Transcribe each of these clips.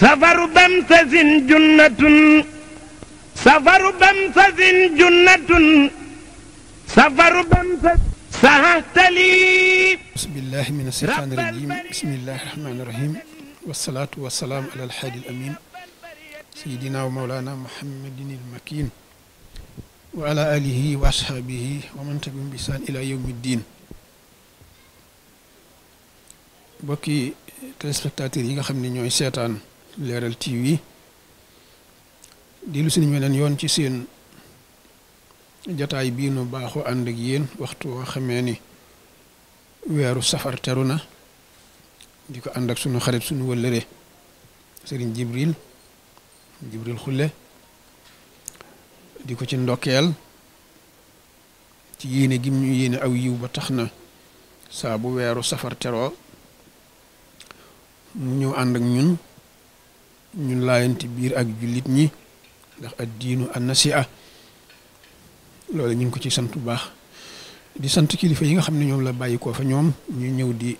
safaru bamsasin junnatun safaru bamsasin junnatun safaru bamsas sahahtali bismillahi min asheytaani rajim bismillahi rahmaani rahim wasalaatu wasalaam ala alhaadi alamin sayidina wa maulana muhammadin almakin wa ala alihi wa ashaabihi wa man tabi'ahum bi ihsaan ila yawmi diin mbokki téléspectateurs yi nga xam ne ñooy seetaan leeral TV di lu si melen yoon ci seen jataay bii nu baaxu ànd ak yéen waxtu woo xamee ni weeru safar teru na di ko ànd ak sunu xarit sunu wëllëre sëriñ Jibril xule di ko ci ndokkeel ci yéene gim ñu yéene aw yiw ba tax na saa bu weeru safar teroo mu ñëw ànd ak ñun ñun laayante biir ak jullit ñi ndax ad diinu annasiha loolu ñu ngi ko ci sant bu baax di sant kilifa yi nga xam ne ñoom la bàyyi koo fa ñoom ñu ñëw di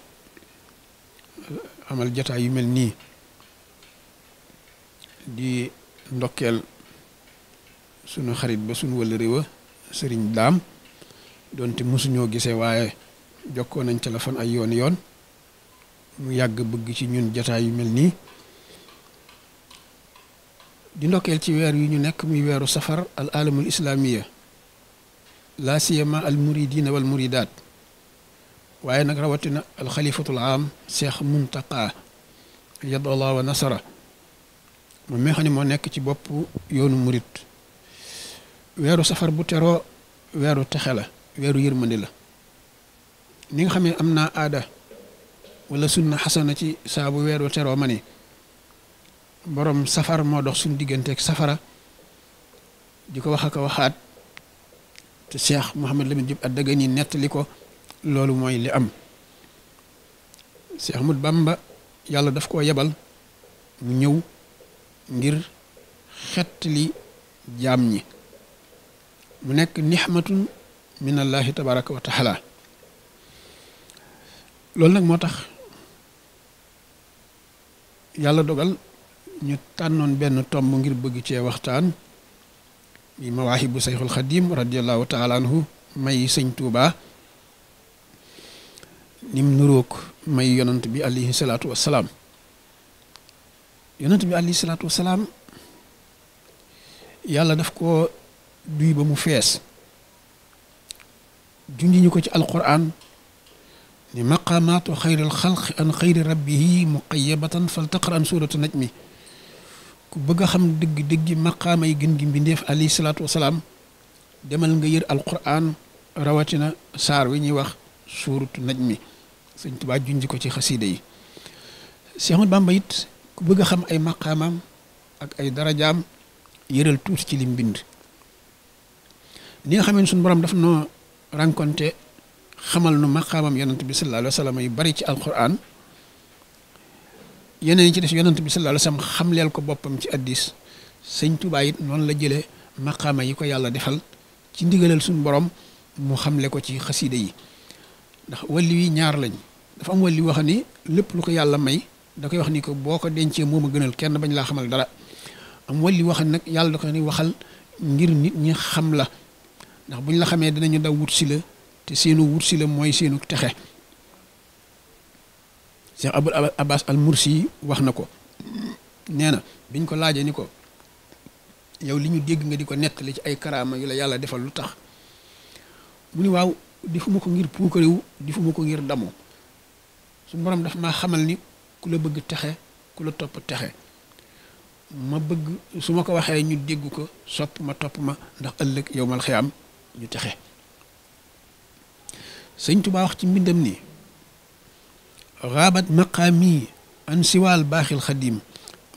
uh, amal jataay yu mel nii di ndokkeel sunu xarit ba sunu wëla réwa sëriñ daam doonte mësuñoo gisee waaye jokkoo nañ téléphone ay yoon yoon mu yàgg bëgg ci ñun jataay yu mel nii di ndokkeel ci weer yu ñu nekk muy weeru safar al alamul islaamiya la siyama al muridina wal muridaat waaye nag rawatina al xalifatul aam seex muntaqa yadallah wa nasara moom mi moo nekk ci bopp yoonu murit weeru safar bu teroo weeru texe la weeru yërmande la ni nga xam am naa aada wala sunna xasana ci saabu weeru teroo ma ne boroom safar moo dox suñu digganteeg safara di ko wax ak waxaat te Cheikh Mouhamed Lamine Diop Addaghani nettali ko loolu mooy li am Cheikh Ahmadou Bamba yàlla daf koo yebal mu ñëw ngir xettali jaam ñi mu nekk nixmatun minallahi tabaraka wa taala loolu nag moo tax yàlla dogal ñu tànnoon benn tomb ngir bëgg cee waxtaan bi mawaahibu sayxul xadim radiallahu taala may sëñ tuubaa nim nuroog may yonant bi alayhi salaatu wassalaam yonant bi alayhi salaatu wassalaam yàlla def ko duy ba mu fees junji ñu ko ci alquran ni maqaamaatu xayril xalq an xayri rabbihi muqayabatan faltaqra an suuratu mi ku bëgg a xam dëgg dëggi maqaama yi gën gi mbindeef alayhi salaatu wasalaam demal nga yër alquran rawatina saar wi ñuy wax suuratu naj mi sëñ Tuubaa junj ko ci xasiida yi Seex Ahmadu Bamba ku bëgg a xam ay maqaamam ak ay darajaam yëral tuuti ci lim mbind ni nga xamee suñu borom daf noo rencontré xamal nu maqaamam yonent bi sallallahu alayhi wa yu bari ci alquran yeneen yi ci def yonent bi sallallahu alayhi wasallam xamleel ko boppam ci addis sëñ Tuubaa it noonu la jëlee maqaama yi ko yàlla defal ci ndigalal suñu borom mu xamle ko ci xasiida yi ndax walli wii ñaar lañ dafa am walli wax ni lépp lu ko yàlla may da koy wax ni ko boo ko dencee moom a gënal kenn bañ laa xamal dara am walli wax nag yàlla da ko ni waxal ngir nit ñi xam la ndax buñ la xamee dinañu daw wut si la te seenu wut si la mooy seenu texe Cheikh Abul Abbas al Mursi wax na ko nee na biñ ko laajee ni ko yow li ñu dégg nga di ko nettali ci ay karaama yi la yàlla defal lu tax mu ni waaw di fu ma ko ngir puukarewu di fu ma ko ngir damu su borom daf maa xamal ni ku la bëgg texe ku la topp texe ma bëgg su ma ko waxee ñu dégg ko sopp ma topp ma ndax ëllëg yow mal xiyaam ñu texe sëñ Tuubaa wax ci mbindam nii xaabat maqaami an siwaal baaxil xadim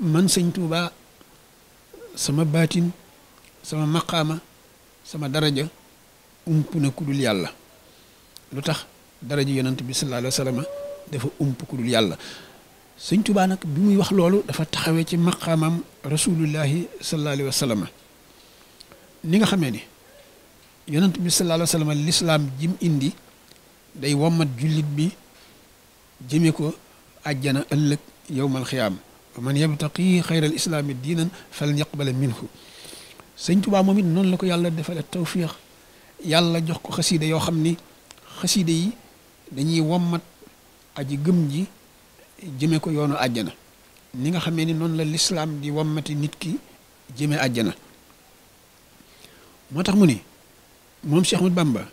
man sëñ Tuuba sama baatin sama maqaama sama daraja ump na kudul yàlla lu tax daraja yonent bi sallallahu alayhi wa dafa ump ku yàlla sëñ Tuuba nag bi muy wax loolu dafa taxawee ci maqaamam rasulullahi sallallahu alayhi wa sallam ni nga xamee yonent bi sallallahu lislaam jim indi day wommat jullit bi jëme ko àjjana ëllëg yowmal xiyaam wa man yabtaqi xayral islaami diinan falan yaqbala minhu sëñ Tuubaa moom it noonu la ko yàlla defale tawfiix yàlla jox ko xasiida yoo xam ni xasiida yi dañuy wommat aji gëm ji jëme ko yoonu àjjana ni nga xamee ni noonu la lislaam di wommati nit ki jëme àjjana moo tax mu ni moom Cheikh Ahmad Bamba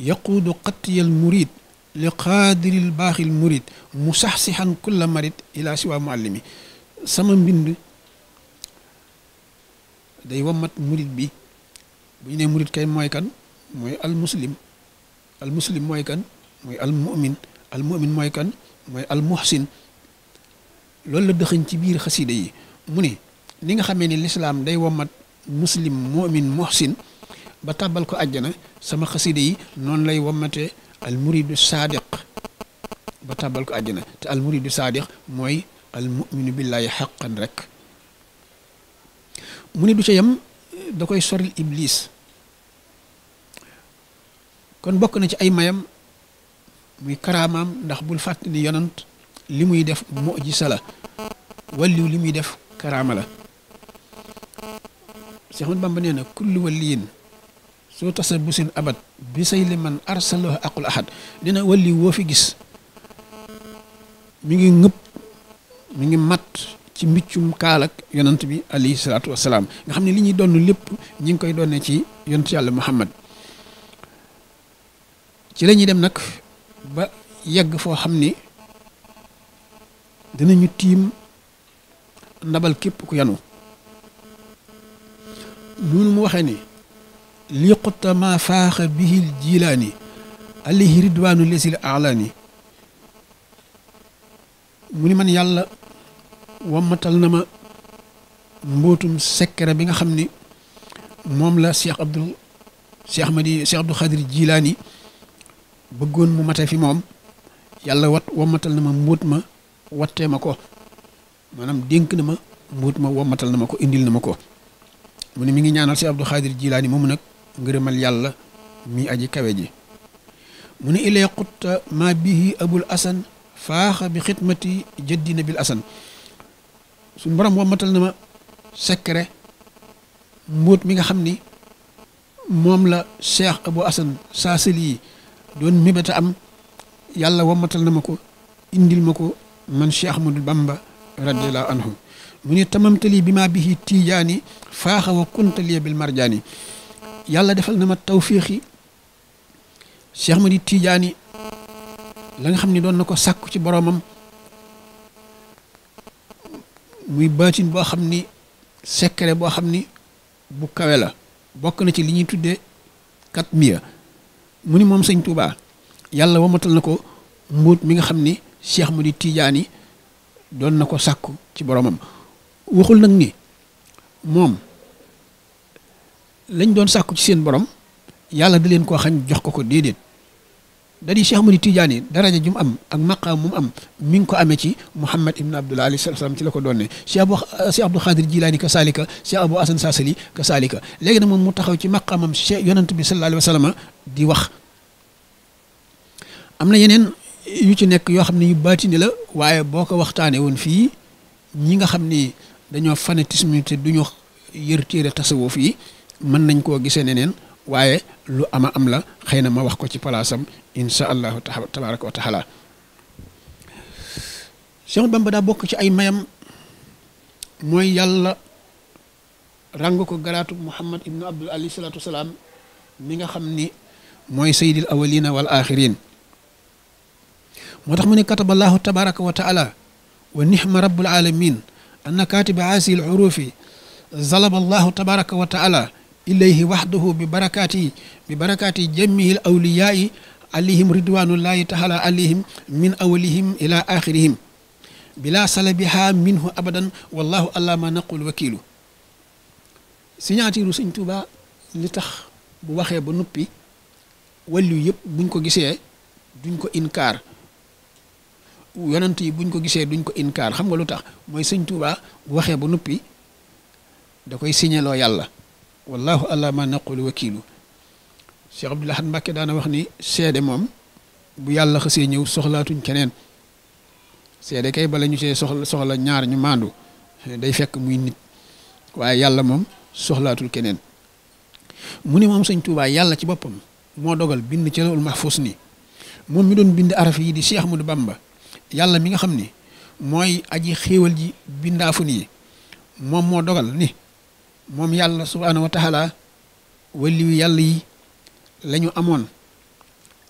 yaquudu qatiyal murid li qaadiril baaxil murid mu sax sixan kulla marid ilaa siwa muallimi sama mbind day wammat murid bi bu ñu nee murid kay mooy kan mooy al muslim mooy kan mooy al mu'min mooy kan mooy al loolu la dëxëñ ci biir xasida yi mu ne ni nga xamee ni lislaam day wammat muslim mu'min muhsin ba tàbbal ko àjjana sama xasida yi noonu lay wammatee al muridu saadiq ba tàbbal ko àjjana te al muridu saadiq mooy al muminu billaahi xaqan rek mu ni du ca yem da koy soril ibliis kon bokk na ci ay mayam muy karaamaam ndax bul fàtt ni yonant li muy def mujisa la walliw li muy def karaama la Seex Ahmadu Bamba nee na kullu walliyin soo tasa bu sin abat bi say li man arsalahu aqul ahad dina walli woo fi gis mu ngi ngëpp mu ngi mat ci mbiccum kaalak yonant bi alayhi salaatu wasalaam nga xam ne li ñuy donn lépp ñu ngi koy donnee ci yonant yàlla muhammad ci lañuy ñuy dem nag ba yegg foo xam ni dinañu tiim ndabal képp ku yanu noonu mu waxee ni li xutta ma faaxa bihil jilaani alayhi ridwaanu lesil alaani mu ni man yàlla wammatal na ma mbootum sekkere bi nga xam ni moom la Cheikh Abdul Cheikh Ahmadi Cheikh Abdul Xadir Jilaani bëggoon mu matee fi moom yàlla wat wammatal na ma mbóot ma wattee ma ko maanaam dénk na ma mbóot ma wammatal na ma ko indil na ma ko mu ne mi ngi ñaanal Cheikh Abdul Xadir Jilaani mu nag ngërëmal yàlla mi aji kawe ji mu ne ilay xutta ma bihi abul asan faaxa bi xidmati jëddi nabil asan suñ borom wammatal na ma secret mbóot mi nga xam ni moom la cheikh abu asan saa seli doon mébéta am yàlla wammatal na ma ko indil ma ko man cheikh ahmadou bamba radiallahu anhu mu ne tamamtali bi ma bihi tiijaani faaxa wa kuntaliya bil marjaani yàlla defal na ma tawfiix yi Cheikh Madi Tidiane la nga xam ni doon na ko sàkku ci boroomam muy baatin boo xam ni secret boo xam ni bu kawe la bokk na ci li ñuy tudde kat miya mu ni moom sëñ Touba yàlla wamatal na ko mbóot mi nga xam ni Cheikh Madi Tidiane yi doon na ko sàkku ci boroomam waxul nag ni moom lañ doon sàkku ci seen borom yàlla da leen koo xañ jox ko ko déedéet da di Cheikh Ahmadou Tidiane daraja ju mu am ak maqaam mu am mi ngi ko amee ci Mouhamed Ibn Abdoulah alayhi salaam ci la ko doon Cheikh Abou Cheikh Abdou Khadir Jilaani ka Salika Cheikh Abou Assane Sassali ka Salika léegi nag moom mu taxaw ci maqaamam Cheikh yonent bi sallallahu alayhi wa sallam di wax am na yeneen yu ci nekk yoo xam ne yu baatini la waaye boo ko waxtaanee woon fii ñi nga xam ni dañoo fanatisme te duñu yër téere tasawuf yi. mën nañ koo gisee ne neneen waaye lu ama am la xëy na ma wax ko ci palaasam insha allahu tabaraka wa taala Cheikh bokk ci ay mayam mooy yàlla ràng ko garaatu Muhammad ibnu nga xam ni mooy sayyidil awalina wal axirin moo tax mu ne kataba allahu tabaraka wa taala wa nixma rabbul alamin anna katiba aasi al zalaba allahu tabaraka wa taala ilayhi waxdahu bi barakaati bi barakaati jamihil awliyaai alayhim ridwanullahi taala alayhim min awalihim ila axirihim bila salabiha minhu abadan wallahu allah ma naqul wakiilu signature sëñ Tuuba li tax bu waxee ba noppi wàllu yëpp buñ ko gisee duñ ko inkaar yonent yi buñ ko gisee duñ ko inkaar xam nga lu tax mooy sëñ Tuuba bu waxee ba noppi da koy signeloo yàlla wallahu ala ma naqulu wakiilu Cheikh Abdoul Ahad Mbacké daana wax ni seede moom bu yàlla xasee ñëw soxlaatuñ keneen seede kay bala ñu see soxla soxla ñaar ñu maandu day fekk muy nit waaye yàlla moom soxlaatul keneen mu ni moom sëñ Tuubaa yàlla ci boppam moo dogal bind ci lawul mahfuus nii moom mi doon bind araf yi di Cheikh Ahmadou Bamba yàlla mi nga xam ni mooy aji xéewal ji bindaafu nii moom moo dogal ni moom yàlla subhaanahu wa taala waliyu yàlla yi la amoon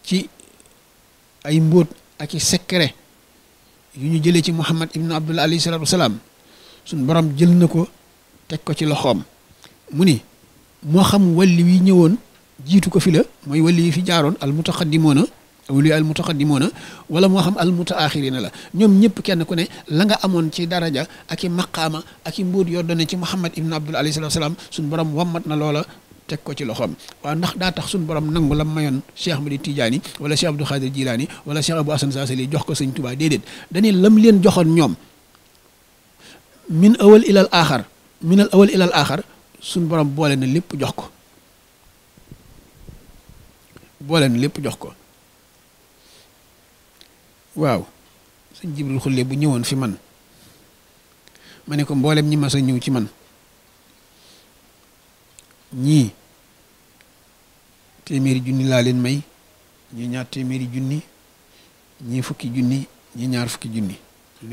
ci ay mbóot ak i secret yu ñu jëlee ci muhammad ibnu abdullah alayhi salaatu suñ borom jël na ko teg ko ci loxoom mu ni moo xam wali wi ñëwoon jiitu ko fi la mooy wali yi fi jaaroon al mutaqaddimoona awliya al mutaqaddimuna wala moo xam al mutaaxirina la ñoom ñëpp kenn ku ne la nga amoon ci daraja ak i maqaama ak i mbóot yoo doone ci Muhammad ibn Abdul alayhi salaatu salaam suñu borom wammat na loola teg ko ci loxoom waaw ndax daa tax suñu borom nangu la mayoon ma Cheikh Madi Tidiane wala Cheikh Abdou Khadir Jilaani wala Cheikh Abou Hassan Saasili jox ko sëñ Tuubaa déedéet dañuy lam leen joxoon ñoom min awal ilal aaxar min al suñu borom boole na lépp jox ko boole na lépp jox ko. waaw sëñ Jibril Xulle bu ñëwoon fi man ma ne ko mbooleem ñi mas a ñëw ci man ñii téeméeri junni laa leen may ñii ñaar téeméeri junni ñii fukki junni ñii ñaar fukki junni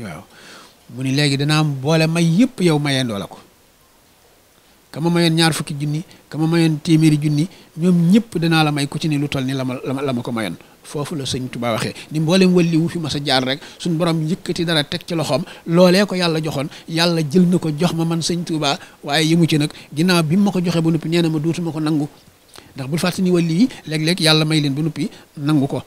waaw mu ni léegi dana am boole may yëpp yow mayendoo la ko a mayoon ñaar fukki junni kama mayoon téeméeri junni ñoom ñëpp danaa la may ku ci ne lu toll ni la ma la ma ko mayoon foofu la sëñ Tuubaa waxee ni mboolem wëlli wu fi ma sa jaar rek suñ borom yëkkati dara teg ci loxoom loolee ko yàlla joxoon yàlla jël na ko jox ma man sëñ Tuubaa waaye yëmu ci nag ginnaaw bi mu ma ko joxee ba noppi nee na ma dootuma ko nangu ndax bu fàttali ni wëlli yi léeg yàlla may leen ba noppi nangu ko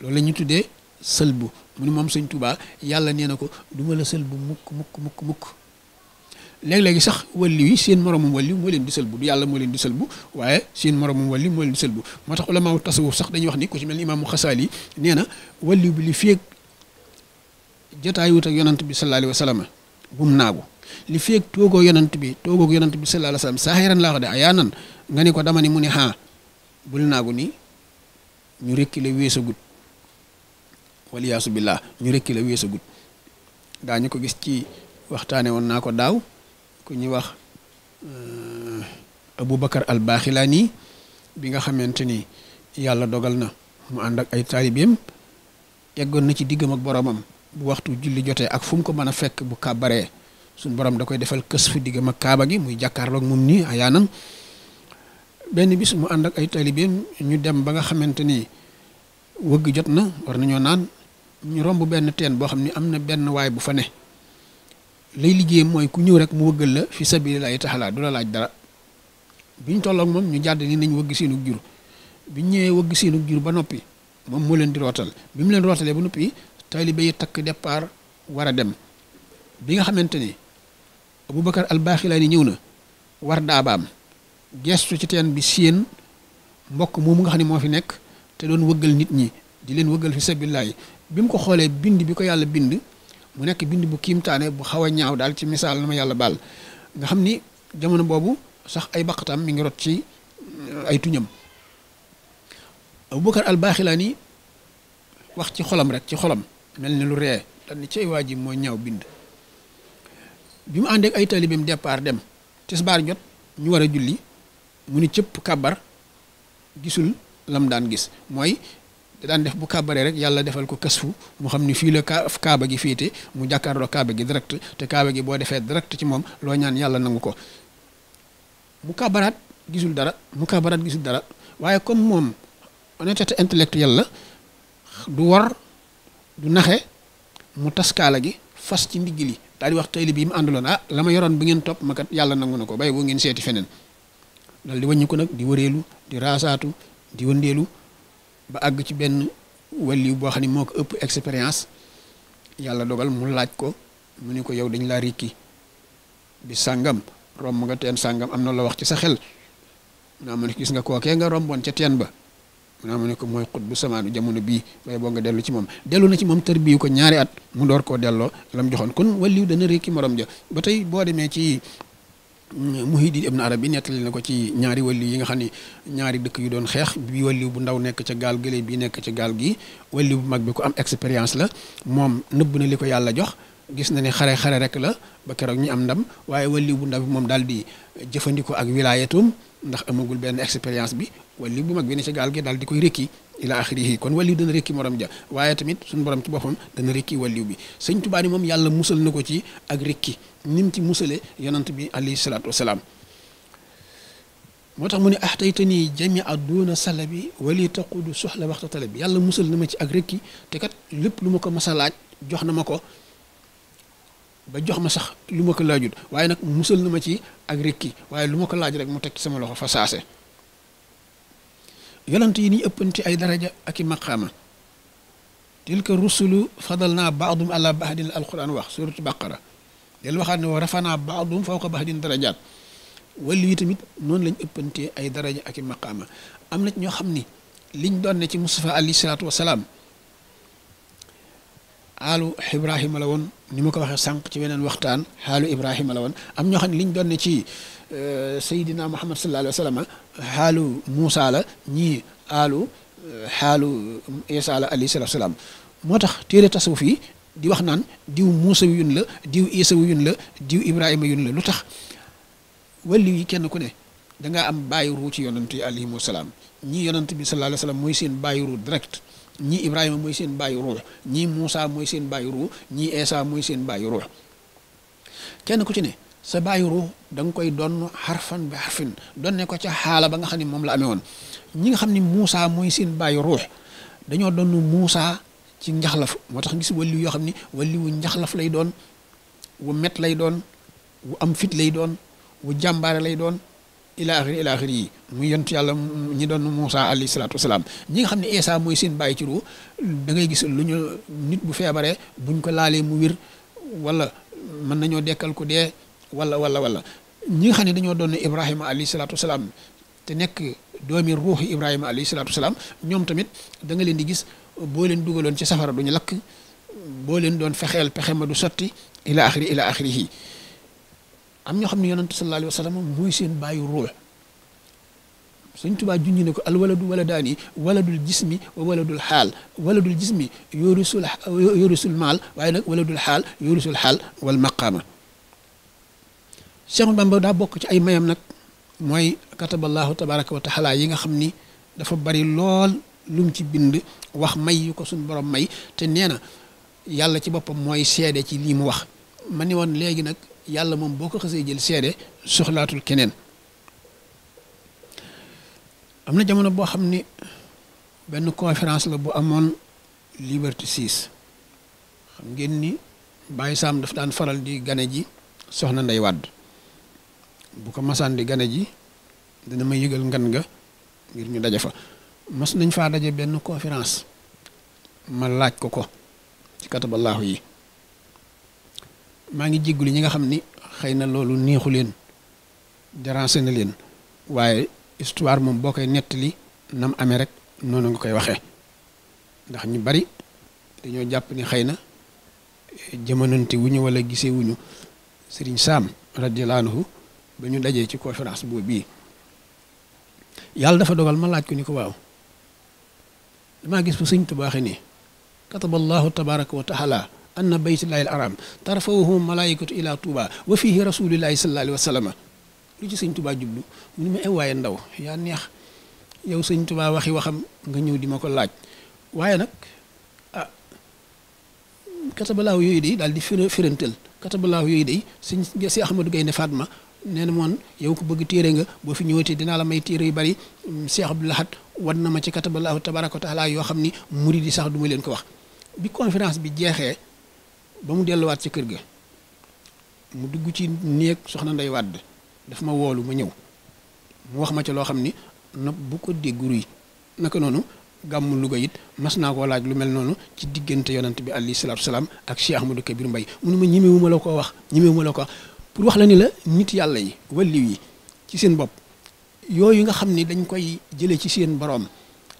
loolu la ñu tuddee sëlbu mu ni moom sëñ Tuubaa yàlla nee na ko du ma la sëlbu mukk mukk mukk mukk léeg-léegi sax wàlliw yi seen moromam wàlliw moo leen di sëlbu du yàlla moo leen di bu waaye seen moromam wàlliw moo leen di sëlbu moo tax ulamaaw tasawuf sax dañuy wax ni ku ci mel ni imaamu nee na wàlliw bi li feeg jataayuut bi sallallahu alayhi wa naagu li feeg toogoo yonant bi toogoo yonant bi sallallahu alayhi wa sallam saaxiran laa wax de ayaanan nga ni ko dama mu ni haa bul naagu nii ñu rekki la weesagut waliyaasu billah ñu rekki la weesagut ñu ko gis ci waxtaane woon naa ko daaw ko ñuy wax euh, Aboubacar al nii bi nga xamante ni yàlla dogal na mu ànd ak ay taalibeem eggoon na ci diggam ak boromam bu waxtu julli jotee ak fu mu ko mën a fekk bu kàbbaree suñ borom da koy defal kës fu diggam ak kaaba gi muy jàkkaarloog moom nii ayaanan benn bis mu ànd ak ay taalibeem ñu dem ba nga xamante ni wëgg jot na war nañoo naan ñu romb benn teen boo xam ni am na benn waay bu fa ne lay liggéeyam mooy ku ñëw rek mu wëggal la fi sabilillahi taala du la laaj dara ñu tollook moom ñu jàdd ni nañu wëgg seenug jur biñ ñëwee wëgg seenug jur ba noppi moom moo leen di rootal bi mu leen rootalee ba noppi taalibe yi takk depaar war a dem bi nga xamante ni Aboubacar al-Baxilaani ñëw na war daabaam gestu ci teen bi séen mbokk mu nga xam ne moo fi nekk te doon wëggal nit ñi di leen wëggal fi sabilillahi bi mu ko xoolee bind bi ko yàlla bind mu nekk bind bu kiimtaane bu xaw a ñaaw daal ci misaal na ma yàlla baal nga xam ni jamono boobu sax ay baqatam mi ngi rot ci euh, ay tuñam Abubakar al ni wax ci xolom rek ci xolam mel ni lu ree dañ ni cey waa ji mooy ñaaw bind bi mu ànd ay taalibeem départ dem tisbaar jot ñu war a julli mu ni cëpp kàbbar gisul lam daan gis mooy daan def bu kàbbaree rek yàlla defal ko kasfu mu xam ni fii la kaaba gi féete mu jàkkaarloo kaaba gi direct te kaaba gi boo defee direct ci moom loo ñaan yàlla nangu ko mu kàbbaraat gisul dara mu kàbbaraat gisul dara waaye comme moom honnêteté intellectuelle la du war du naxe mu tas kaala gi fas ci ndigg li daal di wax tayli bi mu àndaloon ah la ma yoroon bu ngeen topp ma yàlla nangu na ko bay boo ngeen seeti feneen dal di wàññi nag di wëreelu di raasaatu di wëndeelu ba àgg ci benn wàlliw boo xam ne moo ko ëpp expérience yàlla dogal mu laaj ko mu ne ko yow dañ laa rikki bi sàngam romb nga teen sàngam am na la wax ci sa xel naa ma ne ah, gis nga kookee nga romboon ca teen ba naa ah, ma ne ko mooy xut bu samaanu jamono bii waaye boo nga dellu ci moom dellu na ci moom tër bii ko ñaari at mu door koo delloo lam joxoon kon wàlliw dana rikki morom ja ba tey boo demee ci Muhyiddin Ibn Arabi nettali na ko ci ñaari wàlliw yi nga xam ne ñaari dëkk yu doon xeex bi walliw bu ndaw nekk ca gaal gële bi nekk ca gaal gi wàlliw bu mag bi ko am expérience la moom nëbb na li ko yàlla jox gis na ni xare xare rek la ba keroog ñu am ndam waaye wàlliw bu ndaw moom daal di jëfandikoo ak wilaayatum ndax amagul benn expérience bi wali bu mag bi ne ci gaal gi daal di koy rékki ila axirihi kon waliw dana rékki morom ja waaye tamit suñu borom ci boppam dana rékki waliw bi sëñ Tuubaa ni moom yàlla musal na ko ci ak rékki nim ci musale yonant bi alayhi salaatu wasalaam moo tax mu ne te nii jami a duuna sala bi wali taqudu soxla waxta tale bi yàlla musal na ma ci ak rékki te kat lépp lu ma ko mas a laaj jox na ma ko ba jox ma sax lu ma ko laajut waaye nag musal na ma ci ak rikki waaye lu ma ko laaj rek mu teg sama loxo fa saase yonent yi ni ëppanti ay daraja ak i maqaama tilka rusulu fadal naa baadum ala bahdin alquran wax suratu baqara del waxaat ne wa rafanaa baadum fawqa bahdin darajaat wàllu yi tamit noonu lañ ëppantee ay daraja ak i maqaama am na ñoo xam ni liñ doon ne ci Mustafa alayhi salaatu wasalaam xaalu Ibrahima la woon ni ma ko waxee sànq ci weneen waxtaan xaalu Ibrahima la woon am ñoo xam ne liñ doon ne ci euh, Seydina Muhammad sallallahu alayhi wa sallam xaalu muusa la ñii aalu xaalu Isa la alayhi salaatu salaam moo tax téere tasawuf fii di wax naan diw Moussa yun la diw Isa yun la diw Ibrahima yun la lu tax wàllu yi kenn ku ne da am bàyyi ruu ci yonant yi alayhimu salaam ñii yonant bi sallallahu alayhi wa sallam mooy seen bàyyi ruu direct. ñii Ibrahima mooy seen bàyyi ruux ñii Moussa mooy seen bàyyi ruux ñii Eesa mooy seen bàyyi kenn ku ci ne sa bàyyi ruux da koy donn xarfan bi xarfin donne ko ca xaala ba nga xam ne moom la amee woon ñi nga xam ni Moussa mooy seen bàyyi ruux dañoo donn Moussa ci njaxlaf moo tax si wàllu yoo xam ni wàllu wu njaxlaf lay doon wu met lay doon wu am fit lay doon wu jàmbaare lay doon ila axiri ila axiri yi muy yontu yàlla ñi doon Moussa alayhi salaatu wasalaam ñi nga xam ne Isa mooy seen bàyyi ci ru da gis lu ñu nit bu feebaree buñ ko laalee mu wir wala mën nañoo dekkal ku dee wala wala wala ñi nga xam ne dañoo doon Ibrahima alayhi salaatu wasalaam te nekk doomi ruuxi Ibrahima alayhi salaatu wasalaam ñoom tamit danga leen di gis boo leen dugaloon ci safara duñu lakk boo leen doon fexeel pexe ma du sotti ila axiri ila am ñoo xam ne yonantu sallallahu alayhi wa sallam mooy seen bàyyi ruux tubaa junj ko al waladu waladaani waladul jismi wa waladul xaal waladul jismi yorisul yorisul maal waaye nag waladul xaal yorisul xaal wal maqaama Cheikh Bamba daa bokk ci ay mayam nag mooy kataballahu tabaraka wa yi nga xam ni dafa bari lool lum ci bind wax may yu ko suñ borom may te nee na yàlla ci boppam mooy seede ci lii mu wax ma ni woon léegi nag yàlla moom boo ko xasee jël seede soxlaatul keneen am na jamono boo xam ni benn conférence la bu amoon Liberté 6 xam ngeen ni Baye Sam daf daan faral di gane ji soxna Ndey Wàdd bu ko masaan di gane ji dina ma yëgal ngan nga ngir ñu daje fa mas nañ faa daje benn conférence ma laaj ko ko ci kataballaahu yi maa ngi jégguli ñi nga xam ni xëy na loolu neexu leen déranger na leen waaye histoire moom boo koy nettali nam amee rek noonu nga koy waxee ndax ñu bari dañoo jàpp ni xëy na eh, jamonante wu ñu wala gisee wuñu sëriñ Saam radiyallahu anhu ba ñu dajee ci conférence boobu bii yàlla dafa dogal ma laaj ko ni ko waaw damaa gis fu sëñ Tuubaa waxee nii kataballahu tabaraka wa anna baytullahi al haram tarfahu malaikatu ila touba wa fihi rasulillahi sallallahu alayhi wa sallam lu ci sëñ tubaa jublu mu ni ma ew eh waaye ndaw yaa neex yow sëñ tubaa waxi waxam nga ñëw di ma ko laaj waaye nag ah katabalaaw yooyu day daal di fir firantal katabalaaw yooyu day sëñ si Ahmadou Gaynde Fatma nee na moon yow ko bëgg téere nga boo fi ñëwee ñëwatee dinaa la may téere yu bari Cheikh Abdou laxat wan na ma ci katabalaahu tabaraka wa taala yoo xam ni murid yi sax duma leen ko wax bi conférence bi jeexee ba mu delluwaat ci kër ga mu dugg ci néeg soxna nday wàdd daf ma woolu ma ñëw mu wax ma ca loo xam ni na bu ko déggu ruy naka noonu gàmmu Louga it mas naa koo laaj lu mel noonu ci diggante yonant bi alayhi salaatu salaam ak Cheikh Ahmadou Kabir Mbaye munu ma ñimewu ma la koo wax ñimewu ma la ko wax pour wax la ni la nit yàlla yi walliw yi ci seen bopp yooyu nga xam ni dañ koy jëlee ci seen boroom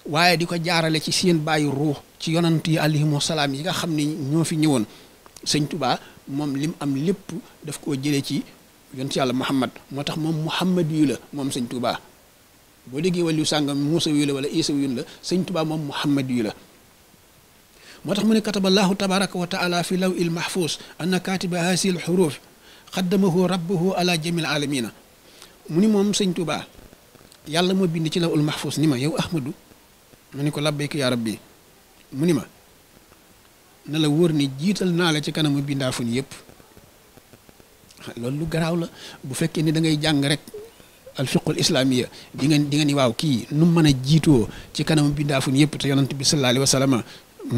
waaye di ko jaarale ci seen bàyyi ruux ci yonant yi alayhimu salaam yi nga xam ni ñoo fi ñëwoon sëñ tubaa moom li mu am lépp def koo jële ci yonent yàlla muhammad moo tax moom muhammad yu la moom sëñ tubaa boo déggee wàllu sàngam muusa yu la wala isa yu la sëñ tubaa moom muhammad yu la moo tax mu ne kataba allahu tabaraka wa taala fi law il mahfus anna katiba hasi l xuruf xaddamahu rabbahu ala jamil alamina mu ni moom sëñ tubaa yàlla moo bind ci law ul ni ma yow ahmadu ma ni ko labbayka yaa rabbi mu ni ma na la wóor ni jiital naa la ci kanamu bindaafun yëpp loolu lu garaaw la bu fekkee ni dangay jàng rek alfiqul islaamiya di nga di nga ni waaw kii nu mën a jiitoo ci kanamu bindaafun yëpp te yonent bi sallallahu alayhi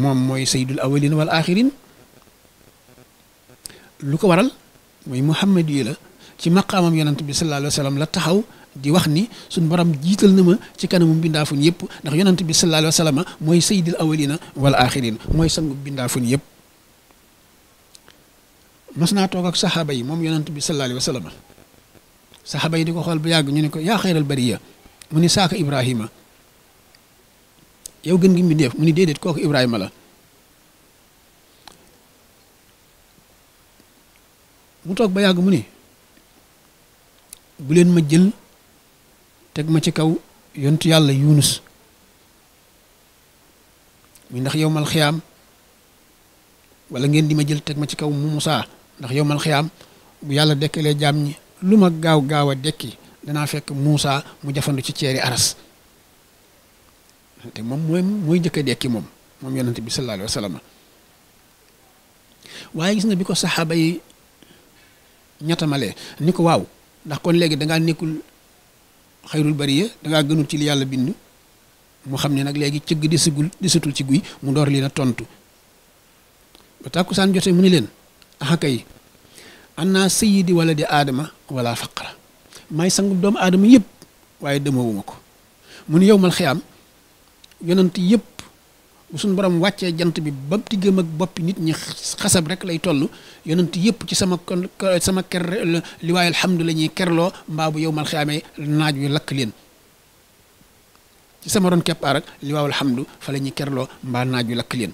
moom mooy sayyidul awwalin wal axirin lu ko waral mooy muhammad yi la ci maqaamam yonent bi sallallahu alayhi la taxaw di wax ni suñu borom jiital na ma ci kanamu mbindaafuñ yëpp ndax yonant bi sallallahu alayhi wa mooy sayyidil awwalina wal axirin mooy sangu mbindaafuñ yëpp mas naa toog ak saxaaba yi moom yonent bi sallallahu alayhi wa sallam saxaaba yi di ko xool bu yàgg ñu ne ko yaa xayral bariya mu ni saaka ibrahima yow gën gi mbindeef mu ni déedéet kooku ibrahima la mu toog ba yàgg mu ni bu leen ma jël teg ma ci kaw yontu yàlla yunus mi ndax yowmal xiyaam wala ngeen di ma jël teg ma ci kaw mu musaa ndax yowmal xiyaam bu yàlla dekkalee jaam ñi lu ma gaaw gaaw a dekki danaa fekk muusa mu jafandu ci ceeri aras te moom mooy mooy njëkk a dekki moom moom yonent bi sallallahu alayhi waaye gis nga bi ko saxaaba yi ñettamalee ni ko waaw ndax kon léegi dangaa nekkul xayrul bariya dangaa gënul ci li yàlla bind mu xam ne nag léegi cëgg desagul desatul ci guy mu door lii na tontu ba tàkkusaan jotee mu ni leen axa kay annaa sayyidi wala di aadama wala faqra maay sangu doomu aadama yëpp waaye demawuma ko mu ni yow mal xiyaam yonant yëpp bu suñu borom wàccee jant bi ba tiggam ak boppi nit ñi xasab rek lay toll yonent yépp ci sama sama ker li waaye alhamdu la ñuy kerloo mbaa bu yow mal naaj wi lakk leen ci sama ron kepp arak li waaw alhamdu fa la kerloo mbaa naaj wi lakk leen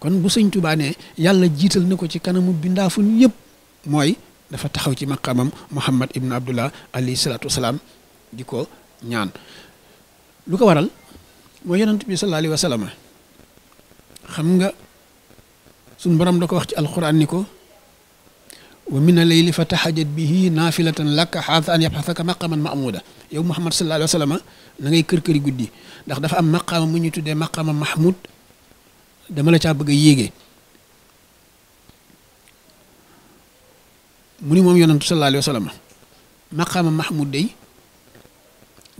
kon bu sëñ Tuubaa ne yàlla jiital na ko ci kanamu bindaafu yépp mooy dafa taxaw ci maqaamam Muhammad ibnu Abdullah alayhi salaatu wasalaam di ko ñaan lu ko waral mooy yonent bi sallallahu alayhi xam nga suñ borom da ko wax ci alxuraan ni ko wa mina layli fa tahajjat bihi naafilatan laka xaasa an yabxasaka maqaman mahmuda yow muhammad sallallahu alayhi wa sallam na ngay kër-këri guddi ndax dafa am maqaama mu ñu tuddee maqaama mahmud dama la caa bëgg a yéegee mu ni moom yonentu sallallahu alayhi wa sallam maqaama mahmud day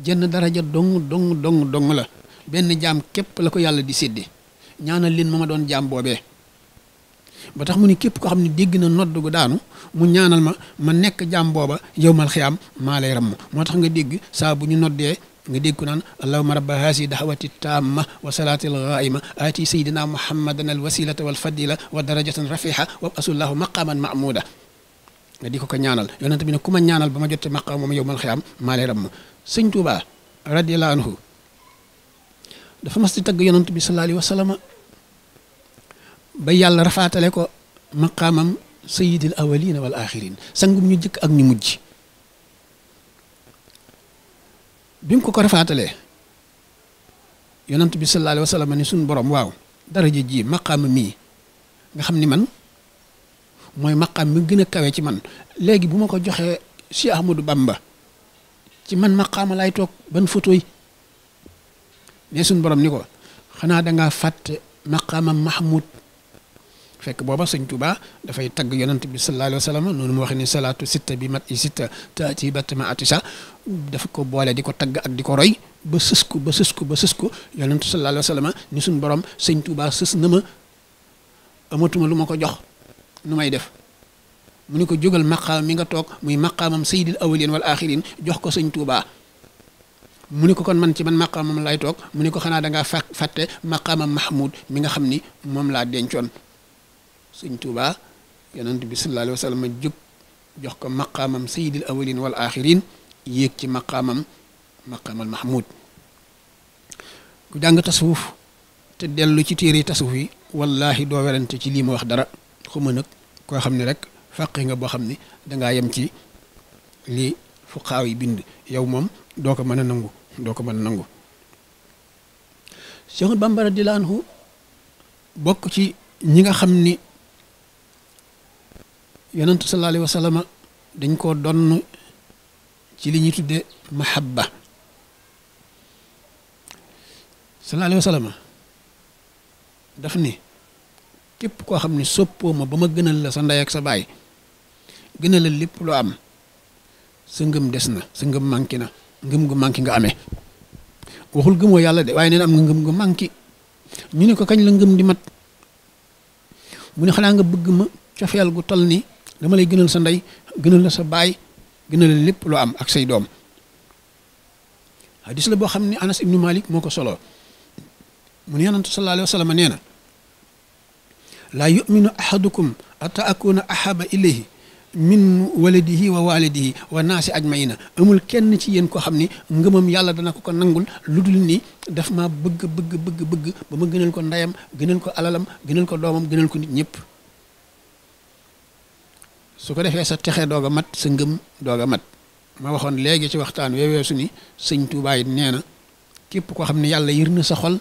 jenn daraja dong dong dong dong la benn jaam képp la ko yàlla di sédde ñaanal leen ma ma doon jaam boobee ba tax mu ni képp ko xam ne dégg na nodd gu daanu mu ñaanal ma ma nekk jaam booba yowmal xiyaam maa lay ramm moo tax nga dégg saa bu ñu noddee nga dégg ko naan allahuma rabba haasi dahwati tamma wa salaati algaaima aati sayidina muhammadan alwasilata walfadila wa darajatan rafiha wa asullahu maqaman mahmuda nga di ko ko ñaanal yonent bi ne ku ma ñaanal ba ma jotte maqaam moom yowmal xiyaam maa lay ramm sëñ Tuubaa radiyallahu anhu dafa mas di tagg yonant bi sallallahu alayhi wa sallam ba yàlla rafaatale ko maqaamam sayyidil awwalina wal axirin sangum ñu jëkk ak ñu mujj bi mu ko ko rafaatalee yonant bi sallallahu alayhi ni suñu borom waaw daraja ji maqaama mii nga xam ni man mooy maqaam mi gën a kawe ci man léegi bu ma ko joxee si Ahmadou Bamba ci man maqaama laay toog ban photo ne suñ borom ni ko xanaa dangaa fàtte maqaama mahmud fekk booba sëñ Tuuba dafay tagg yonent bi sallallahu alayhi wa noonu mu waxee ni salaatu sitta bi mat i sitta taati batma atisa dafa ko boole di ko tagg ak di ko roy ba sës ko ba sës ko ba sës ko yonent sallallahu alayhi wa sallam borom sëñ Tuuba sës na ma amatuma lu ma ko jox nu may def mu ni ko jógal maqaam mi nga toog muy maqaamam sayyidil awwalin wal axirin jox ko sëñ Tuuba mu ni ko kon man ci man maqaamam lay toog mu ni ko xanaa da ngaa fàq fàtte maqaamam mahmud mi nga xam ni moom laa dencoon suñ Tuubaa yonent bi sallallahu alayhi wa jox ko maqaamam sayyidil awwalin wal axirin yéeg ci maqaamam maqaamal mahmud ku jàng tasawuf te dellu ci téere tasawuf yi wallahi doo werante ci lii ma wax dara xuma nag koo xam ne rek fàqi nga boo xam ni dangaa yem ci lii fuqaaw yi bind yow moom doo ko mën a nangu doo ko mën nangu Cheikh Bamba radiyallahu anhu bokk ci ñi nga xam ni yonentu sallallahu alayhi wa sallam dañ koo donn ci li ñuy tudde mahabba sallallahu alayhi wa sallam daf ni képp koo xam ni soppoo ma ba ma gënal la sa ndey ak sa baay gënalal lépp loo am sëngëm des na sa ngëm na ngëm gu manqué nga ame waxul gëmoo yàlla de waaye nee na am nga ngëm gu manqué ñu ne ko kañ la ngëm di mat mu ne xanaa nga bëgg ma cofeel gu toll nii dama lay gënal sa ndey gënal la sa baay gënal la lépp loo am ak say doom hadis la boo xam ne Anas ibnu Malik moo ko solo mu ne yonantu sallallahu alayhi wa sallam nee na laa yuminu ahadukum ata akuna ahaba ilayhi min waladihi wa walidihi wa naasi ajmaina amul kenn ci yéen koo xam ni ngëmam yàlla dana ko ko nangul lu dul ni daf ma bëgg bëgg bëgg ba ma gënal ko ndeyam gënal ko alalam gënal ko doomam gënal ko nit ñëpp su ko defee sa texe doog mat sa ngëm doog mat ma waxoon léegi ci waxtaan weeweesu ni sëñ Tuubaa yi nee na képp koo xam ne yàlla yër na sa xol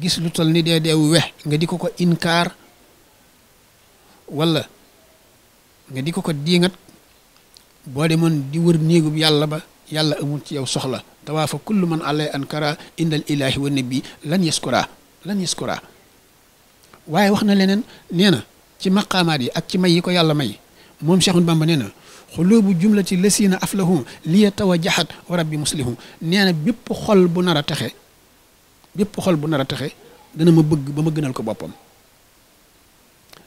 gis lu tol ni dee deewu wex nga di ko ko inkaar wala nga di ko ko diingat boo demoon di wër néegub yàlla ba yàlla amul ci yow soxla tawaa fa kullu man alay ankara indal ilaahi wa nabi lan yaskura lan yaskura waaye wax na leneen nee na ci maqaamaat yi ak ci may yi ko yàlla may moom Cheikhul Bamba nee na xuloobu jumlati lasiina aflahum liya tawa jaxat wa rabbi muslihum nee na bépp xol bu nar a taxe bépp xol bu nar a taxe dana ma bëgg ba ma gënal ko boppam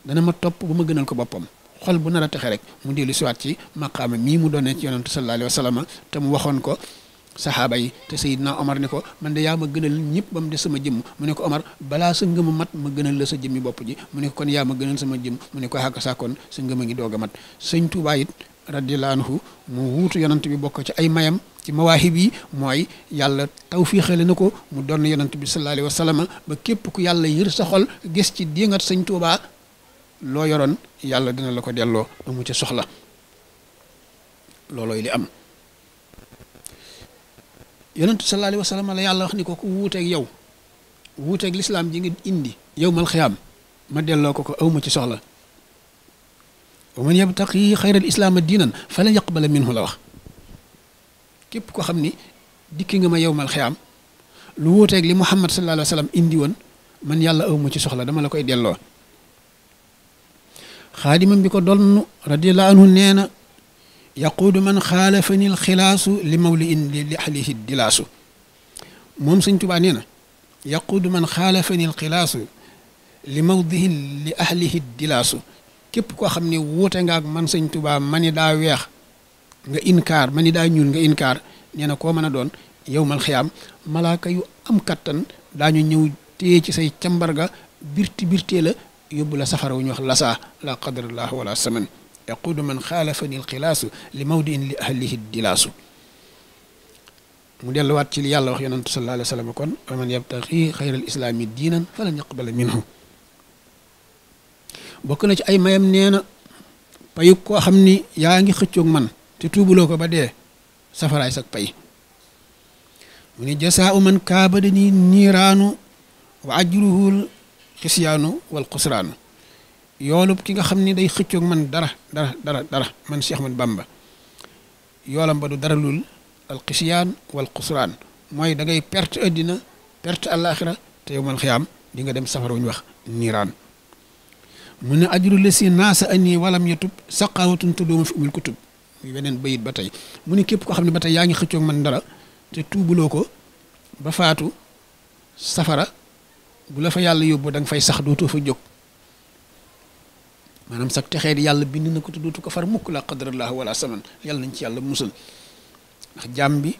dana ma topp ba ma gënal ko boppam xol bu nar a texe rek mu dellu siwaat ci maqaama mii mu doonee ci yonentu sallallahu alayhi te mu waxoon ko saxaaba yi te Seydina Omar ne ko man de yaa ma gënal ñëpp ba mu des sama jëmm mu ne ko Omar balaa sa ngëm a mat ma gënal la sa jëmmi bopp ji mu ne yaa ma gënal sama jëmm mu ne ko xàkk saa kon sa ngëm a ngi doog a mat sëñ Tuubaa it radiyallaahu anhu mu wuutu yonent bi bokk ci ay mayam ci mawaahib yi mooy yàlla tawfiixale na ko mu doon yonent bi sallallaahu alayhi wa sallam ba képp ku yàlla yër sa xol gis ci dingat sëñ Tuubaa loo yoroon yàlla dina la ko delloo amu ci soxla loolooy li am yonentu sallallahu alayhi wa yàlla wax ni ko ku wuuteeg yow wuuteeg lislaam ji nga indi yow mal xiyaam ma delloo ko ko awma ci soxla wa man yabtaqi xayral islaama diinan fala yaqbala minhu la wax képp ko xam ni dikki nga ma yow mal xiyaam lu wuuteeg li muhammad sallallahu alayhi wa sallam indi woon man yàlla awma ci soxla dama la koy delloo xaadimam bi ko donn radiallahu nee na yaquudu man xaalafani alxilaasu li mawli in li ahlihi dilaasu moom sëñ tubaa nee na yaquudu man xaalafani alxilaasu li mawdihi li ahlihi dilaasu képp koo xam ne wuute ngaak man sëñ tubaa ma daa weex nga inkaar ma ni daa ñuul nga inkaar nee na koo mën a doon yow yowmal xiyaam malaaka yu am kattan daañu ñëw téye ci say cambarga birti birtee yóbbu la safara wu ñu wax lasaa la qadrallah wala saman yaquudu man xaalafani alxilaasu li mawdiin li ahlihi dilaasu mu delluwaat ci li yàlla wax yonantu sallallahu alayhi wa sallam kon wa man yabtaxi xayral islaami diinan falan yaqbala minhu bokk na ci ay mayam nee na payug koo xam ni yaa ngi xëccoog man te tuubuloo ko ba dee safaraay sak pay mu ne jasaau man kaabadani niiraanu wa ajruhu xisyaanu wal xusraanu yoolub ki nga xam ni day xëccoog man dara dara dara man Cheikh Ahmad Bamba yoolam ba du dara lul al xisiyaan wal xusraan mooy da ngay perte àddina perte àllaaxira te yow mal xiyaam di nga dem safara wuñ wax niiraan mu ne ajur lesi naasa ani walam yatub saqaawatun tudduma fi umil kutub muy beneen bayit ba tey mu ne képp koo xam ne ba tey yaa ngi xëccoog man dara te tuubuloo ko ba faatu safara bu la fa yàlla yóbbu da nga fay sax dootoo fa jóg maanaam sax texee di yàlla bind na ko te dootu ko far mukk la qadrallah wala saman yàlla nañ ci yàlla musal ndax jàmm bi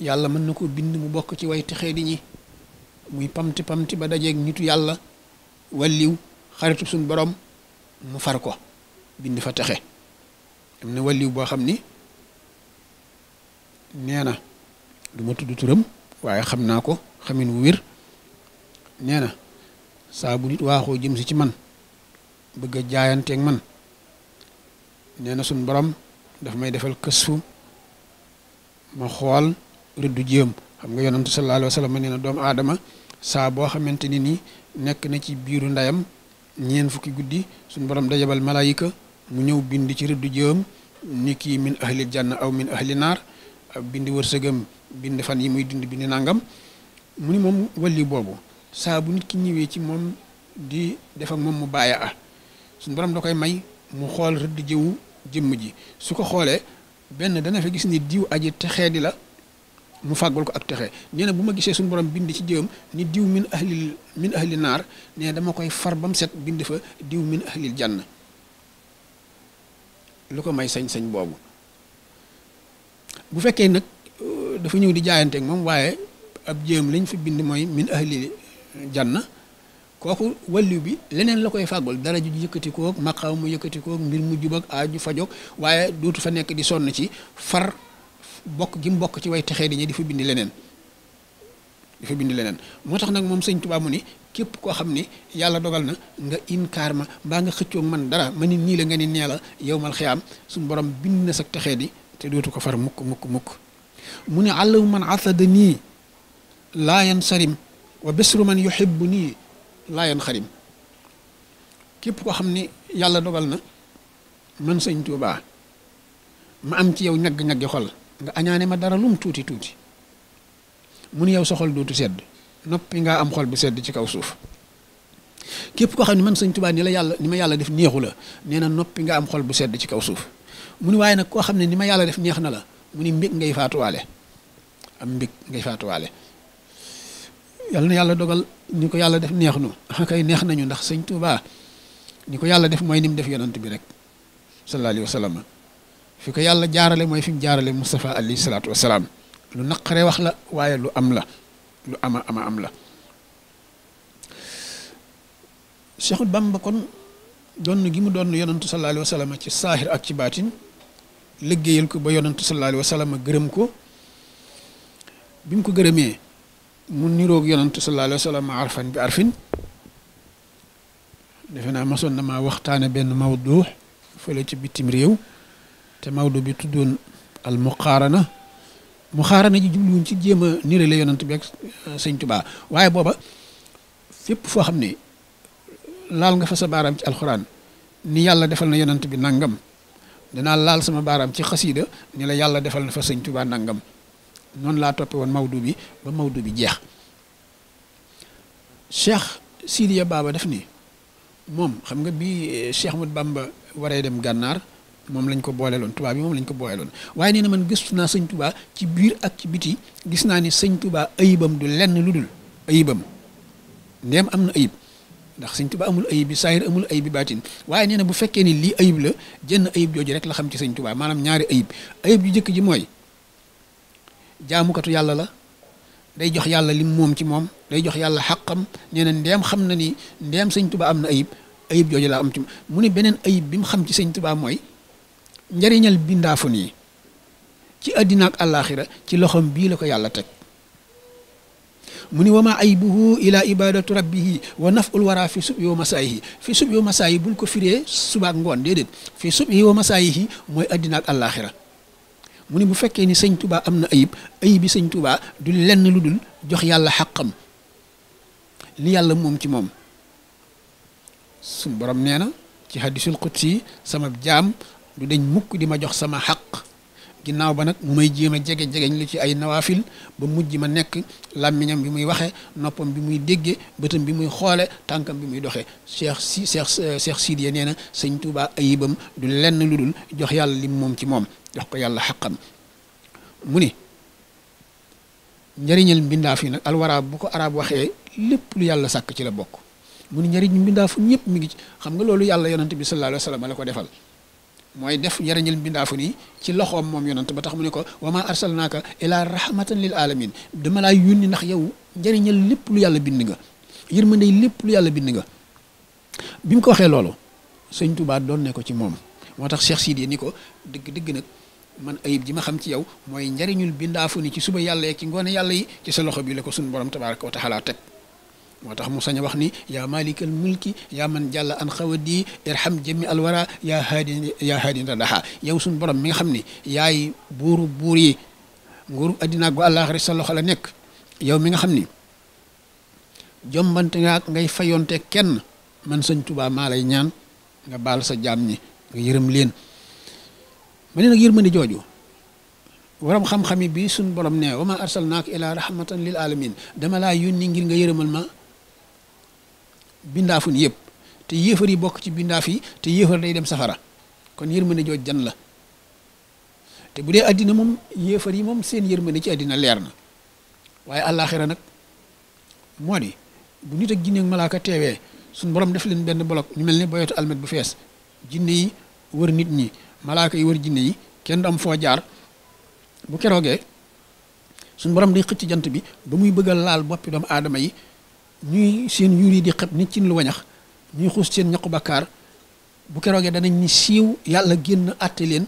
yàlla mën na ko bind mu bokk ci way texee di ñi muy pamti pamti ba dajeeg nitu yàlla walliw xaritu suñ borom mu far ko bind fa texe am na walliw boo xam ni nee na du tudd turam waaye xam naa ko xamin wu wér nee na saa bu nit waaxoo jëm si ci man bëgg a jaayanteeg man nee na suñ borom daf may defal kësfu ma xool rëddu jéem xam nga yonantu sallallahu alayhi wa sallam na doomu aadama saa boo xamante ni nii nekk na ci biiru ndeyam ñeen fukki guddi suñ borom da yebal malaayika mu ñëw bind ci rëddu jéem ni kii min ahli aw min ahli naar bind wërsëgam bind fan yi muy dund bind nangam mu ni moom walli boobu saa bu nit ki ñëwee ci moom di def moom mu bàyyi ah suñu borom da koy may mu xool rëdd jëwu jëmm ji su ko xoolee benn dana fa gis ni diw aji texee di la mu fàggul ko ak texe nee na bu ma gisee suñu borom bind ci jëwam ni diw min ahlil min ahli naar nee dama koy far ba mu set bind fa diw min ahlil jann lu ko may sañ-sañ boobu bu fekkee nag euh, dafa ñëw di jaayanteek moom waaye ab jëwam lañ fi bind mooy min ahli na kooku wàllu bi leneen la koy fàggul dara ju yëkkati ak maqaam mu yëkkatikoo ak mbir mu jub ak aaju fajoog waaye dootu fa nekk di sonn ci far bokk gi mu bokk ci way texee di ñi di fa bindi leneen di fa leneen moo tax nag moom sëñ Tuubaa mu ni képp koo xam ni yàlla dogal na nga inkaar ma mbaa nga xëccoog man dara man ni nii la nga ni nee la yow mal xiyaam su borom bind na sa texee di te dootu ko far mukk mukk mukk mu ne àllawu man asada nii laayan sarim wa bisru man yuhibbu nii laayan xarim képp koo xam ni yàlla dogal na man sëñ Tuubaa ma am ci yow ñagg-ñaggi xol nga añaane ma dara lum tuuti tuuti mun yow sa xol dootu sedd noppi ngaa am xol bu sedd ci kaw suuf képp koo xam ne man sëñ Tuubaa ni la yàlla ni ma yàlla def neexu la nee noppi nga am xol bu sedd ci kaw suuf mu ni waaye nag koo xam ne ni ma yàlla def neex na la mu ni mbég ngay faatuwaale am mbég ngay faatuwaale yàlla na yàlla dogal ñu ko yàlla def neex nu kay neex nañu ndax sëñ Tuubaa ni ko yàlla def mooy ni mu def yonant bi rek sallallahu alayhi wa sallam fi ko yàlla jaarale mooy fi mu jaarale Moustapha alayhi salaatu wa lu naqaree wax la waaye lu am la lu am ama am la Cheikhul Bamba kon doon gi mu doon yonant sallallahu alayhi wa ci saahir ak ci baatin liggéeyal ko ba yonantu sallallahu alayhi wa gërëm ko bi mu ko gërëmee mu niroog yonent sallallahu alayhi wa sallam arfan bi arfin defe naa masoon na maa waxtaane benn mawdu fële ci bitim réew te mawdu bi tuddoon al muqaarana muqaarana ji jubluwuñ ci jéem a nirale yonent bi ak euh, sëñ Tubaa waaye booba fépp foo xam ne laal nga fa sa baaraam ci alxuraan ni yàlla defal na yonent bi nangam danaa laal sama baaraam ci xasiida ni la yàlla defal na fa sëñ Tubaa nangam noonu laa toppe woon mawdu bi ba mawdu bi jeex cheikh Sidiya baaba def ni moom xam nga bii eh, Cheikh Ahmad Bamba waree dem gànnaar moom lañ ko booleeloon Touba bi moom lañ ko booleeloon waaye nee na man gëstu naa sëñ Touba ci biir ak ci biti gis naa ni sëñ Touba ayibam du lenn lu dul ayibam ndéem am na ayib ndax sëñ Touba amul ayib bi saahir amul ayib bi baatin waaye nee bu fekkee ni lii ayib la jenn ayib jooju rek la xam ci sëñ Touba maanaam ñaari ayib ayib ju jëkk ji mooy jaamukatu yàlla la day jox yàlla lim moom ci moom day jox yàlla xàqam nee na ndeem xam na ni ndeem sëñ tubaa am na ayib ayib jooju laa am ci mu ni beneen ayib bi mu xam ci sëñ Tuubaa mooy njariñal bindaafu nii ci àddina ak ci loxoom bii la ko yàlla teg mu ni wama aybuhu ila ibadatu rabbihi wa naful wara fi sub yow masaayihi fi sub yow masaayi bul ko firee subaak ngoon déedéet fi sub yow masaayihi mooy àddina ak àllaaxira mu ne bu fekkee ni sëñ tubaa am na ayib ayib yi sëñ tubaa du lenn lu dul jox yàlla xàqam li yàlla moom ci moom suñ borom nee na ci hadisul qudsi sama jaam du dañ mukk di ma jox sama xaq ginnaaw ba nag mu jéem a jege jegeñ lu ci ay nawaafil ba mujj ma nekk làmmiñam bi muy waxe noppam bi muy dégge bëtam bi muy xoole tànkam bi muy doxe cheikh si cheikh cheikh na sëñ Tuubaa ayibam du lenn lu dul jox yàlla lim moom ci moom jox ko yàlla xaqan mu ni njëriñal mbindaaf yi nag alwara bu ko arab waxee lépp lu yàlla sàkk ci la bokk mu ni njëriñ mbindaafu ñëpp mi ngi ci xam nga loolu yàlla yonante bi sallallahu alayhi wa sallam la ko defal mooy def njëriñal mbindaafu nii ci loxoom moom yonante ba tax mu ne ko wa ma arsalnaaka ila rahmatan lil alamin dama laa yónni ndax yow njëriñal lépp lu yàlla bind nga yërmande lépp lu yàlla bind nga bi mu ko waxee loolu sëñ Tuubaa doon ne ko ci moom moo tax Cheikh Sidi ni ko dëgg dëgg nag man ayib ji ma xam ci yow mooy njariñul bindaafu ni ci suba yàlla yi ci ngoone yàlla yi ci sa loxo bi la ko sunu borom tabaraka wa taala teg moo tax mu sañ a wax ni yaa malikal mulki yaa man jàll an xawadi irham jëmmi alwara yaa haadi yaa haadin yow sunu borom mi nga xam ni yaay buuru buur yi nguur addinaa gu àllaaxira sa loxo la nekk yow mi nga xam ni jombante nga ngay fayonte kenn man sëñ Tuubaa maa lay ñaan nga baal sa jaam ñi nga yërëm leen ma ne nag yërmande jooju waram xam-xami bi suñ borom ne wa ma arsalnaaka ila rahmatan lil alamin dama laa yónni ngir nga yërëmal ma bindaafun yëpp te yéefar yi bokk ci bindaaf yi te yéefar day dem safara kon yërmande jooj jan la te bu dee àddina moom yéefar yi moom seen yërmande ci àddina leer na waaye àllaaxira nag moo di bu nit ak jinne ak malaaka teewee suñ borom def leen benn bolok ñu mel ne boyotu almet bu fees jinne yi wër nit ñi malaaka yi wër jinne yi kenn du foo jaar bu keroogee suñ borom day xëcc jant bi ba muy bëggal laal boppi doomu aadama yi ñuy seen yuur yi di xëpp nit ci lu wañax ñuy xuus seen ñaqu bakkaar bu keroogee danañ ni siiw yàlla génn àtte leen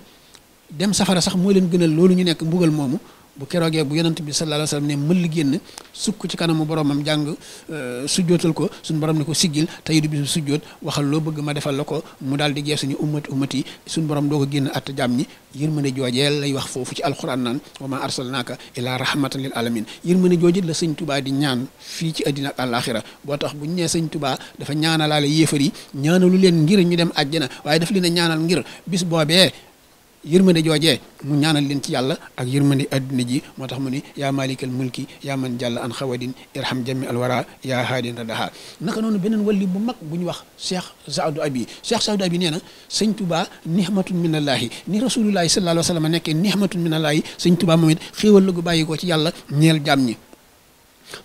dem safara sax moo leen gënal loolu ñu nekk mbugal moomu bu keroogee bu yonent bi sallallahu alayhi wa sallam ne mëll génn sukk ci kanamu boromam jàng euh, sujjootal ko suñu borom ne ko siggil tey du bisu sujjoot waxal loo bëgg ma defal la ko mu daal di geesuñu ummati ummati suñu borom doo ko génn at jàmm ñi yërmande joojee lay wax foofu ci alquran naan wa ma arsalnaaka ila rahmatan lil alamin yërmande jooje la sëñ tubaa di ñaan fii ci àddina ak àllaaxira boo tax bu ñu nee sañ tubaa dafa ñaanalaale yéefar yi ñaanalu leen ngir ñu dem àjjana waaye daf leen ñaanal ngir bis boobee yërmande joojee mu ñaanal leen ci yàlla ak yërmande adduna ji moo tax mu ne yaa malikal mulki yaa man jàll an xawadin irham jami alwara yaa haadin radaha naka noonu beneen walli bu mag bu ñu wax cheikh saadu abi cheikh saadu abi nee na sëñ tubaa nihmatun minallaahi ni rasulullahi sallallahu alayhi wa sallam nekkee nihmatun minallaahi sëñ tubaa moom it xéewal la gu bàyyi ko ci yàlla ñeel jaam ñi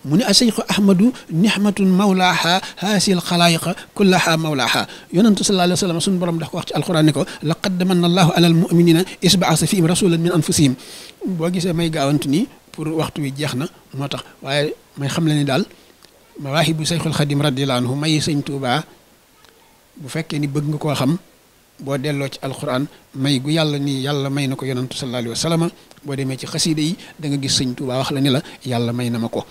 mu ne a aseyxu ahmadu nihmatun mawlaaha haasil xalaayiqa kullaha mawlaaha yonentu sallallahu alayhi wa sallam suñu borom daf ko wax ci alquran ni ko laqad manna allahu ala al muminina isbaasa fihim rasulan min anfusihim boo gisee may gaawantu nii pour waxtu wi jeex na moo tax waaye may xam la ni daal mawaahibu seyxul xadim radiallahu anhu may sëñ Tuubaa bu fekkee ni bëgg nga koo xam boo delloo ci alxuraan may gu yàlla nii yàlla may na ko yonentu sallallahu alayhi wa sallam boo demee ci xasiida yi da nga gis sëñ Tuubaa wax la ni la yàlla may na ma ko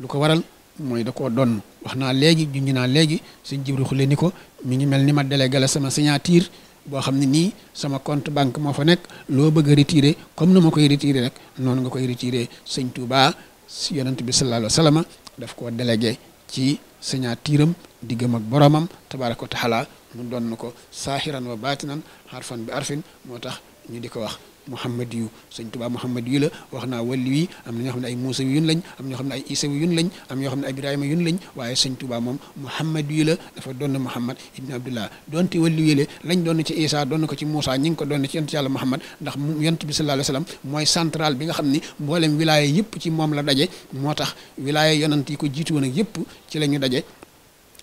lu ko waral mooy da koo donn wax naa léegi junj naa léegi suñ jibri xule ni ko mu ngi mel ni ma délégué sama signature boo xam ne nii sama compte banque moo fa nekk loo bëgg a comme nu ma koy retiré rek noonu nga koy retiré sëñ Touba si yonent bi sallallahu alayhi wa sallam koo délégué ci signature am diggam ak boromam tabaaraka wa taala mu doon ko saahiran wa baatinan harfan bi arfin moo tax ñu di ko wax muhammad yu sëñ tubaa muhammad yu la wax naa wàllu yi am na ñoo xam ne ay muusa yun lañ am ñoo xam ne ay isa yun lañ am ñoo xam ne ay ibrahima yun lañ waaye sëñ tubaa moom muhammad yu la dafa doon muhammad ibni abdullah doonte wàllu yi la lañ doon ci isa doon ko ci muusa ñi ngi ko doon ci yonent yàlla muhammad ndax yonent bi sallallahu alayhi wasallam mooy central bi nga xam ni mboolem wilaaya yëpp ci moom la daje moo tax wilaaya yonent yi ko jiitu woon ak yëpp ci la ñu daje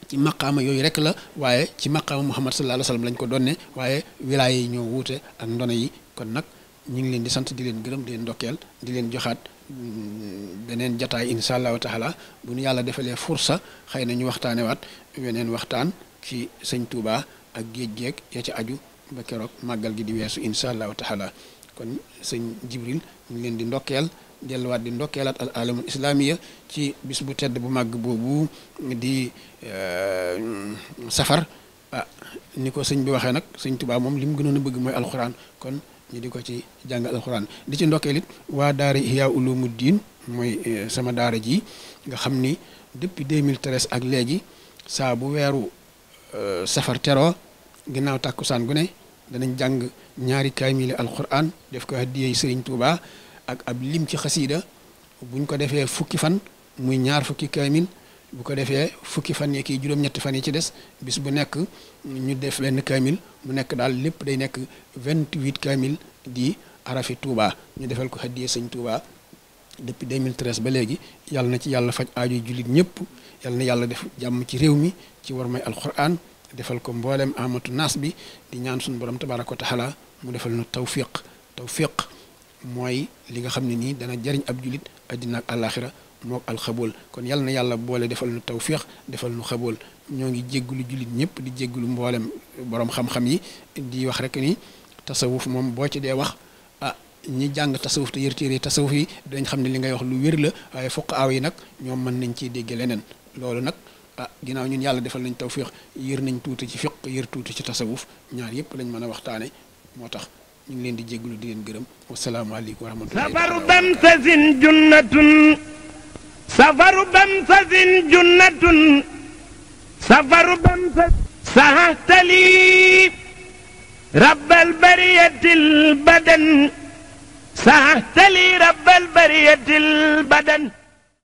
ci maqaama yooyu rek la waaye ci maqaama muhammad sallallahu alayhi wasallam lañ ko doon ne waaye wilaaya yi ñoo wuute ak ndono yi kon nag ñu ngi leen di sant di leen gërëm di leen ndokkeel di leen joxaat mm, beneen jataay insha allahu taala bu ñu yàlla defalee fursa xëy nañu ñu waxtaanewaat weneen waxtaan ci sëñ Touba ak géej géej ya ci aju ba keroog màggal gi di weesu insha allahu taala kon sëñ Jibril ñu leen di ndokkeel delluwaat di ndokkeelaat al alamul islamiya ci bis bu tedd bu màgg boobu di eh, safar ah, ni ko sëñ bi waxee nag sëñ Touba moom li mu gënoon a bëgg mooy alxuraan kon. ñu di ko ci jàngal alxuraan di ci ndokkeel it waa daara Ihya diin mooy eh, sama daara ji nga xam ni depuis 2013 ak léegi saa bu weeru eh, safar teroo ginnaaw saan gu ne danañ jàng ñaari kaamili alxuraan def ko haddiyey Sëriñ Tuuba ak ab lim ci xasiida buñ ko defee fukki fan muy ñaar fukki kaamil bu ko defee fukki fan yi kii juróom-ñetti fan yi ci des bis bu nekk ñu def benn kaamil mu nekk daal lépp day nekk vingt-huit kaamil di arafi Touba ñu defal ko haddiyee sëñ Touba depuis 2013 ba léegi yàlla na ci yàlla faj aajo jullit ñëpp yàlla na yàlla def jàmm ci réew mi ci war may alquran defal ko mboolem amatu naas bi di ñaan suñu borom tabaaraka wa taala mu defal nu tawfiq tawfiq mooy li nga xam ne nii dana jariñ ab jullit addina ak àllaaxira mook alxabool kon yal na yàlla boole defal nu tawfiix defal nu xabool ñoo ngi jéggulu jullit ñëpp di jéggulu mboolem boroom xam-xam yi di wax rek ni tasawuf moom boo ci dee wax ah ñi jàng tasawuf te yër téere tasawuf yi dañ xam ne li ngay wax lu wér la waaye fokk aw yi nag ñoom mën nañ ciy dégg leneen loolu nag ah ginnaaw ñun yàlla defal nañ tawfiix yër nañ tuuti ci fiq yër tuuti ci tasawuf ñaar yëpp lañ mën a waxtaane moo tax ñu ngi leen di jéggulu di leen gërëm wasalaamaaleykum wa rahmatulah safaru bamsasin junnatun safaru bamsas sahahtali rabbal bariyatil badan sahahtali rabbal bariyatil badan